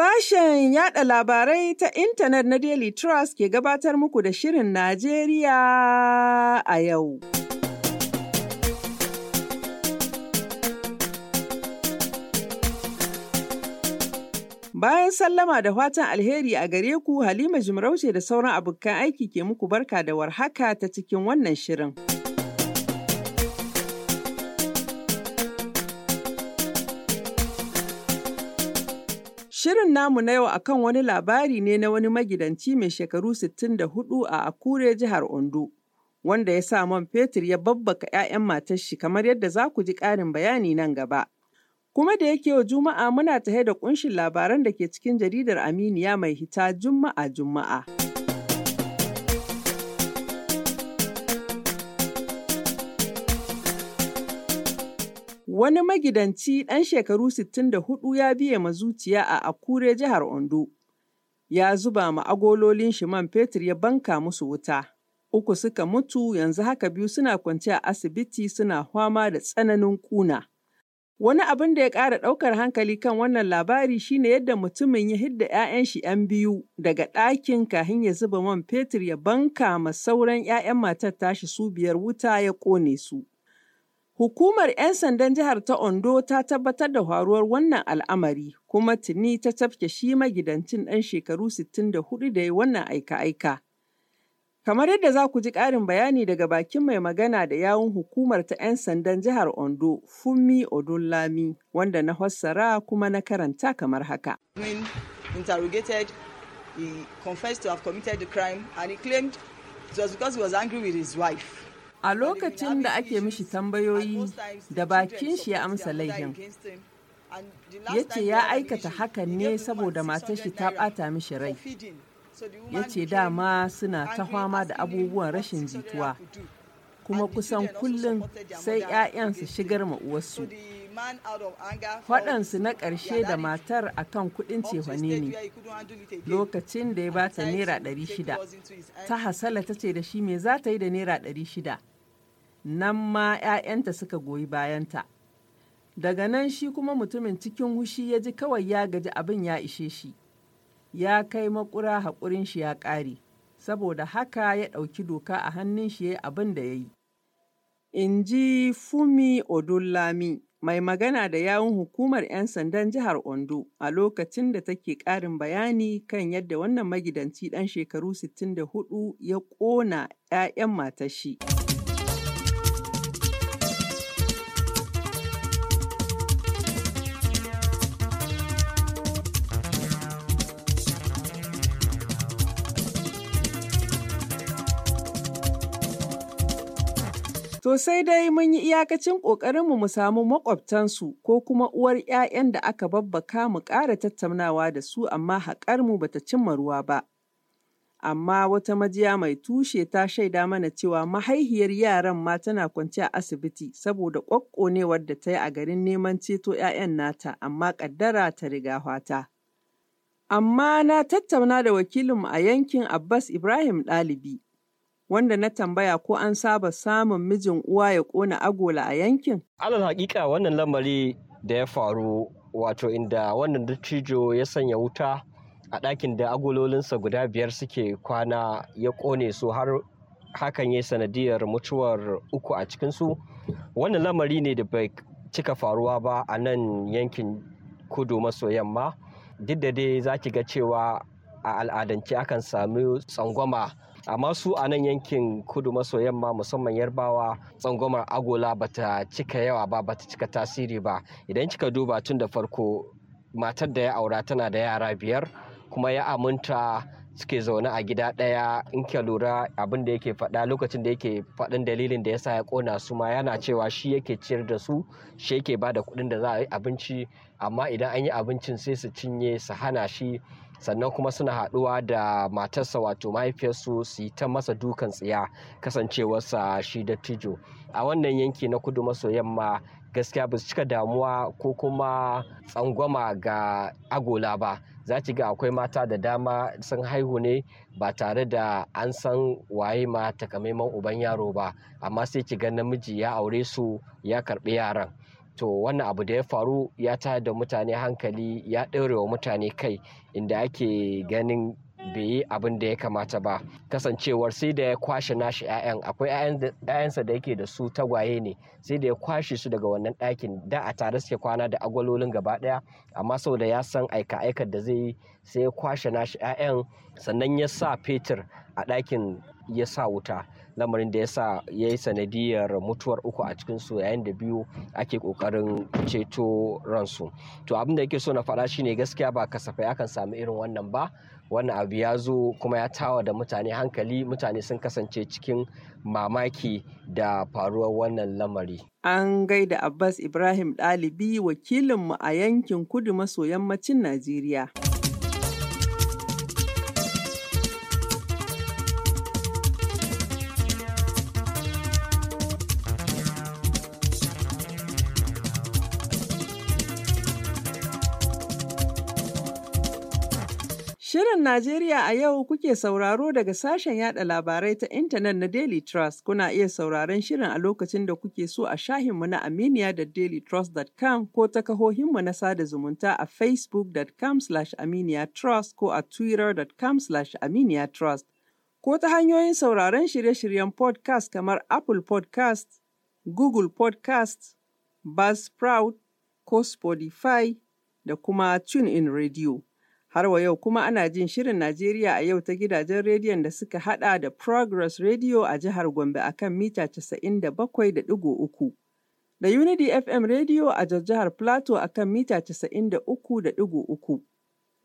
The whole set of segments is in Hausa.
Sashen yada labarai ta intanet na Daily Trust ke gabatar muku da Shirin Najeriya a yau. Bayan sallama da fatan alheri a gare ku Halima Jimarauce da sauran abokan aiki ke muku barka da warhaka ta cikin wannan shirin. Shirin namu na yau akan wani labari ne na wani magidanci mai shekaru 64 a Akure jihar Ondo, wanda ya sa man fetur ya babbaka 'ya'yan matar shi kamar yadda za ku ji ƙarin bayani nan gaba. Kuma da yake wa Juma'a muna tahe da ƙunshin labaran da ke cikin jaridar Aminiya mai hita Juma'a Juma'a. Wani magidanci ɗan shekaru 64 ya biye ma zuciya a Akure jihar Ondo, ya zuba ma agololin shi man fetur ya banka musu wuta. Uku suka mutu yanzu haka biyu suna kwance a asibiti suna fama da tsananin kuna. Wani abin da ya ƙara ɗaukar hankali kan wannan labari shine yadda mutumin ya hidda 'ya'yan shi 'yan biyu daga ɗakin kahin ya zuba man fetur ya banka ma sauran 'ya'yan matar tashi su biyar wuta ya ƙone su. Hukumar 'yan sandan jihar ta Ondo ta tabbatar da faruwar wannan al'amari kuma tuni ta tafke shi magidancin ɗan shekaru 64 da ya wannan aika-aika. Kamar yadda za ku ji ƙarin bayani daga bakin mai magana da yawun hukumar ta 'yan sandan jihar Ondo, Funmi Odunlami, wanda na fassara kuma na karanta kamar haka. Interrogated, he confessed to have committed the crime and he claimed it was because he was angry with his wife. A lokacin da ake mishi tambayoyi da bakin shi ya amsa laifin. Ya ce ya aikata hakan ne saboda matar shi ta bata mishi rai. Ya ce dama suna ta fama da abubuwan rashin jituwa. Kuma kusan kullum sai 'ya'yansu shigar ma uwarsu. Faɗansu na ƙarshe da matar a kan kuɗin cefane ne lokacin da ya bata naira 600 ta hasala ta ce da shi me za ta yi da naira 600 nan ma 'ya'yanta suka goyi bayanta. Daga nan shi kuma mutumin cikin hushi ya ji kawai ya gaji abin ya ishe shi, ya kai makura haƙurin shi ya ƙare, saboda haka ya ɗauki doka a hannun shi ya abin da ya yi. In ji Fumi Odullami, mai magana da yawun hukumar 'yan sandan jihar Ondo a lokacin da take ƙarin bayani kan yadda wannan magidanci ɗan shekaru 64 ya ƙona 'ya'yan matashi. To sai dai mun yi iyakacin ƙoƙarinmu mu samu maƙwabtansu ko kuma uwar 'ya'yan da aka babbaka mu ƙara tattaunawa da su amma haƙarmu bata cimma ruwa ba. Amma wata majiya mai tushe ta shaida mana cewa mahaihiyar yaran ma tana kwance a asibiti saboda ƙwaƙƙonewar da ta yi a garin neman ceto 'ya'yan nata amma ƙaddara ta riga fata Amma na tattauna da wakilinmu a yankin Abbas Ibrahim Ɗalibi. wanda na tambaya ko an saba samun mijin uwa ya kona agola a yankin? Alal hakika wannan lamari da ya faru wato inda wannan dattijo ya sanya wuta a ɗakin da agololinsa guda biyar suke kwana ya kone su har hakan ya sanadiyar mutuwar uku a cikinsu wannan lamari ne da bai cika faruwa ba a nan yankin kudu maso yamma duk da dai za ki ga cewa a al'adance akan sami tsangwama amma su a nan yankin kudu maso yamma musamman yarbawa tsangwamar agola bata cika yawa ba bata cika tasiri ba idan kika duba tun da farko matar da ya aura tana da yara biyar kuma ya aminta suke zaune a gida ɗaya in ke lura abin da yake faɗa lokacin da yake faɗin dalilin da yasa ya ƙona su ma yana cewa shi yake ciyar da su shi yake ba da kuɗin da za a yi abinci amma idan an yi abincin sai su cinye su hana shi sannan kuma suna haɗuwa da matarsa wato mahaifiyarsu su yi ta masa dukan tsiya kasancewarsa shi da dattijo a wannan yanki na kudu maso yamma gaskiya ba su cika damuwa ko kuma tsangwama ga agola ba za ki ga akwai mata da dama sun haihu ne ba tare da an san waye ma takamaiman uban yaro ba amma sai ki ga namiji ya aure su ya karɓi yaran to wannan abu da ya faru ya ta da mutane hankali ya ɗaurewa mutane kai inda ake ganin bai yi abin da ya kamata ba kasancewar sai da ya kwashe nashi 'ya'yan akwai 'ya'yansa da yake da su tagwaye ne sai da ya kwashe su daga wannan ɗakin da a tare suke kwana da agwalolin gaba ɗaya amma sau da ya san aika aikar da zai yi sai ya kwashe nashi 'ya'yan sannan ya sa fetur a ɗakin ya sa wuta lamarin da ya sa ya yi sanadiyar mutuwar uku a cikinsu yayin da biyu ake kokarin ceto ransu to abin da yake so na faɗa shine gaskiya ba kasafai akan samu irin wannan ba wannan abu ya zo kuma ya tawa da mutane hankali mutane sun kasance cikin mamaki da faruwar wannan lamari an gaida abbas ibrahim ɗalibi wakilinmu a yankin kudu maso yammacin najeriya Shirin Najeriya a yau kuke sauraro daga sashen yada labarai ta intanet na Daily Trust. Kuna iya sauraron shirin a lokacin da kuke so a shahinmu na Aminiya da dailytrust.com ko ta kahohinmu na sada zumunta a facebook.com aminiyatrust ko a twitter.com aminiyatrust ko ta hanyoyin sauraron shirye-shiryen podcast kamar Apple podcast, Google podcast, Buzzsprout ko Spotify da kuma TuneIn Radio. Harwa yau kuma ana jin Shirin Najeriya a yau ta gidajen rediyon da suka hada da Progress Radio a jihar Gombe akan mita 97.3 da Unity FM Radio a jihar Plateau akan kan mita 93.3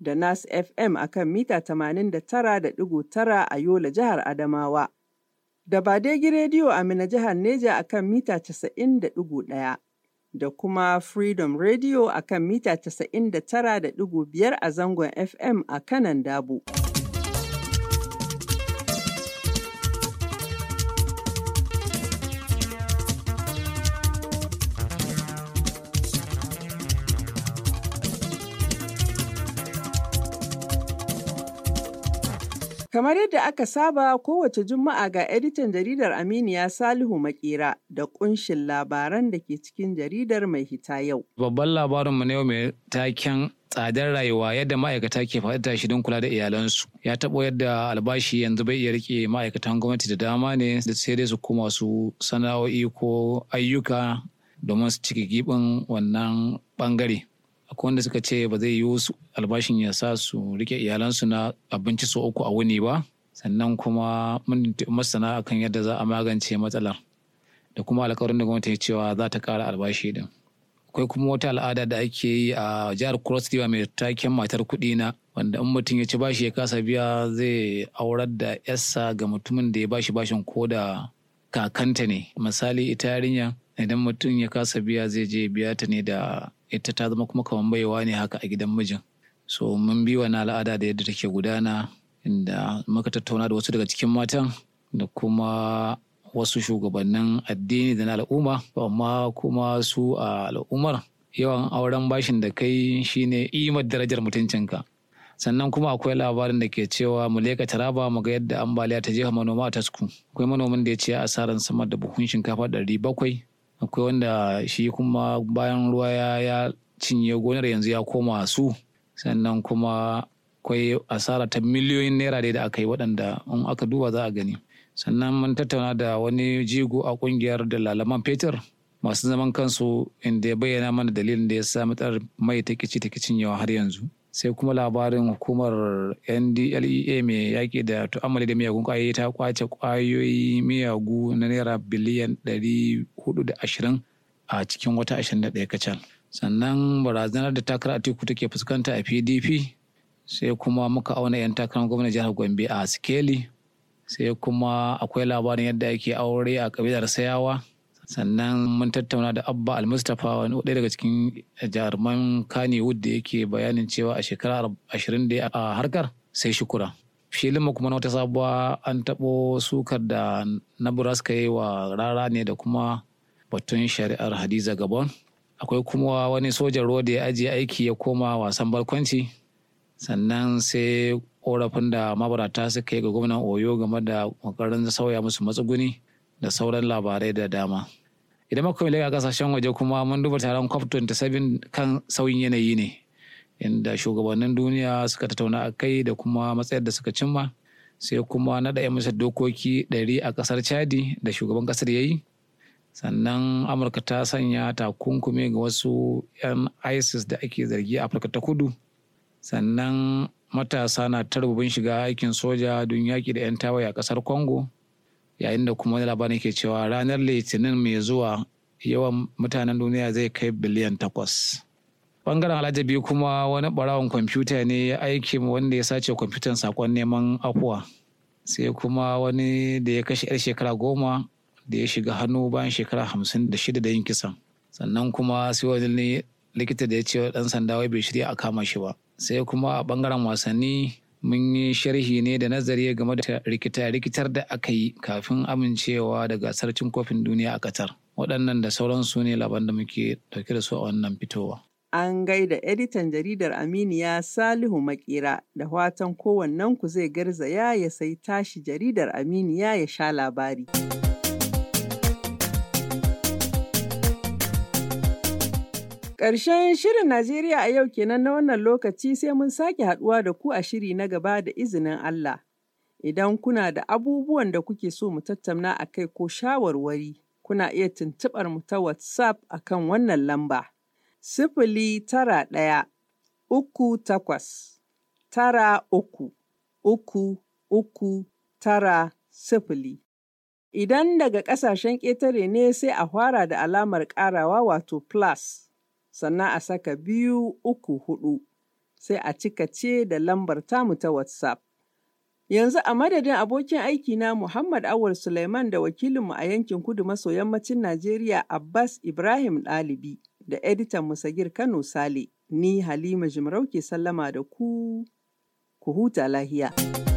da Nas FM a kan mita 89.9 a Yola jihar Adamawa da Badegi Radio a Mina jihar Neja a kan mita 91. da kuma Freedom Radio a kan mita 99.5 a zangon FM a kanan Dabo. Kamar yadda aka saba kowace Juma'a ga editan jaridar Aminiya Salihu Makera da kunshin labaran da ke cikin jaridar mai hita yau. Babban mu na yau mai taken tsadar rayuwa yadda ma'aikata ke faɗi tashi don kula da iyalansu ya taɓo yadda albashi yanzu bai iya rike ma'aikatan gwamnati da dama ne da sai dai su koma su sana'o'i ko ayyuka domin su ciki gibin wannan bangare. akwai wanda suka ce ba zai yiwu albashin ya sa su rike iyalansu na abinci su uku a wuni ba sannan kuma mun masana akan yadda za a magance matsalar da kuma alƙawarin da gwamnati cewa za ta ƙara albashi din akwai kuma wata al'ada da ake yi a jihar cross river mai taken matar kuɗi na wanda in mutum ya ci bashi ya kasa biya zai aurar da yassa ga mutumin da ya bashi bashin ko da kakanta ne misali ita yarinya idan mutum ya kasa biya zai je biya ta ne da ita ta zama kuma kamar baiwa ne haka a gidan mijin so mun bi na al'ada da yadda take gudana inda muka tattauna da wasu daga cikin matan da kuma wasu shugabannin addini da na al'umma amma kuma su a al'ummar yawan auren bashin da kai shine imar darajar mutuncinka sannan kuma akwai labarin da ke cewa mu leka taraba mu ga yadda ambaliya ta jefa manoma a tasku akwai manomin da ya ce asaran samar da buhun shinkafa ɗari bakwai akwai wanda shi kuma bayan ruwa ya, cinye gonar yanzu ya koma su sannan kuma akwai asara ta miliyoyin naira da aka yi waɗanda in aka duba za a gani sannan mun tattauna da wani jigo a ƙungiyar da lalaman fetur masu zaman kansu inda ya bayyana mana dalilin da ya sa matsalar mai ta kici ci kicin cinyewa har yanzu sai kuma labarin hukumar ndlea mai yaƙi da tu'amali da miyagun ƙwayoyi ta kwace kwayoyi miyagu na naira biliyan 420 a cikin wata 21 kacal sannan barazanar da takarar atiku take fuskanta a pdp sai kuma muka auna 'yan takarar gwamnan jihar gombe a sikeli sai kuma akwai labarin yadda ake aure a kabilar sayawa sannan mun tattauna da abba Al-Mustapha wani ɗaya daga cikin jaruman kannywood da yake bayanin cewa a shekara ashirin da a harkar sai shukura filin kuma na wata sabuwa an taɓo sukar da naburaska yi wa rara ne da kuma batun shari'ar hadiza gabon akwai kuma wani sojan ruwa da ya ajiye aiki ya koma wasan barkwanci sannan sai korafin da mabarata suka yi ga gwamnan oyo game da ƙoƙarin sauya musu matsuguni da sauran labarai da dama. Idan muka a kasashen waje kuma mun duba taron COP27 kan sauyin yanayi ne, inda shugabannin duniya suka tattauna a kai da kuma matsayar da suka cimma, sai kuma naɗa 'yan misar dokoki ɗari a ƙasar Chadi da shugaban ƙasar ya yi. Sannan Amurka ta sanya takunkumi ga wasu 'yan ISIS da ake zargi a Afirka ta kudu. Sannan matasa na tarbubin shiga aikin soja don yaƙi da 'yan tawaye a ƙasar Congo. yayin da kuma wani labarin ke cewa ranar litinin mai zuwa yawan mutanen duniya zai kai biliyan takwas bangaren alhaji biyu kuma wani barawon kwamfuta ne ya aiki wanda ya sace kwamfutan sakon neman akwa sai kuma wani da ya kashe yar shekara goma da ya shiga hannu bayan shekara hamsin da shida da yin kisan sannan kuma sai wani likita da ya ce dan sanda wai bai shirya a kama shi ba sai kuma a bangaren wasanni mun yi sharhi ne da nazari game da rikita-rikitar da aka yi kafin amincewa da gasar cin kofin duniya a Qatar. Waɗannan da sauransu ne laban da muke ɗauke da su a wannan fitowa. An gaida editan jaridar Aminiya Salihu maƙera da watan kowannen ku zai garzaya ya sai tashi jaridar Aminiya ya sha labari. Ƙarshen shirin Najeriya a yau kenan na wannan lokaci sai mun sake haɗuwa da ku a shiri na gaba da izinin Allah. Idan kuna da abubuwan da kuke so mu tattauna a kai ko shawarwari, kuna iya tuntuɓar mu ta WhatsApp a kan wannan lamba. Sifili tara ɗaya, uku takwas, tara uku, uku, uku, tara sifili. Idan daga ƙasashen ƙetare ne sai a fara da alamar ƙarawa wato plus. sannan a saka biyu uku hudu sai a cika ce da lambar tamu ta WhatsApp. Yanzu a madadin abokin aiki na Muhammad Awar Suleiman da wakilinmu a yankin kudu maso yammacin Najeriya Abbas Ibrahim Dalibi da editan Musagir Kano Sale, ni Halima Jimarauke Sallama da ku, ku huta lahiya.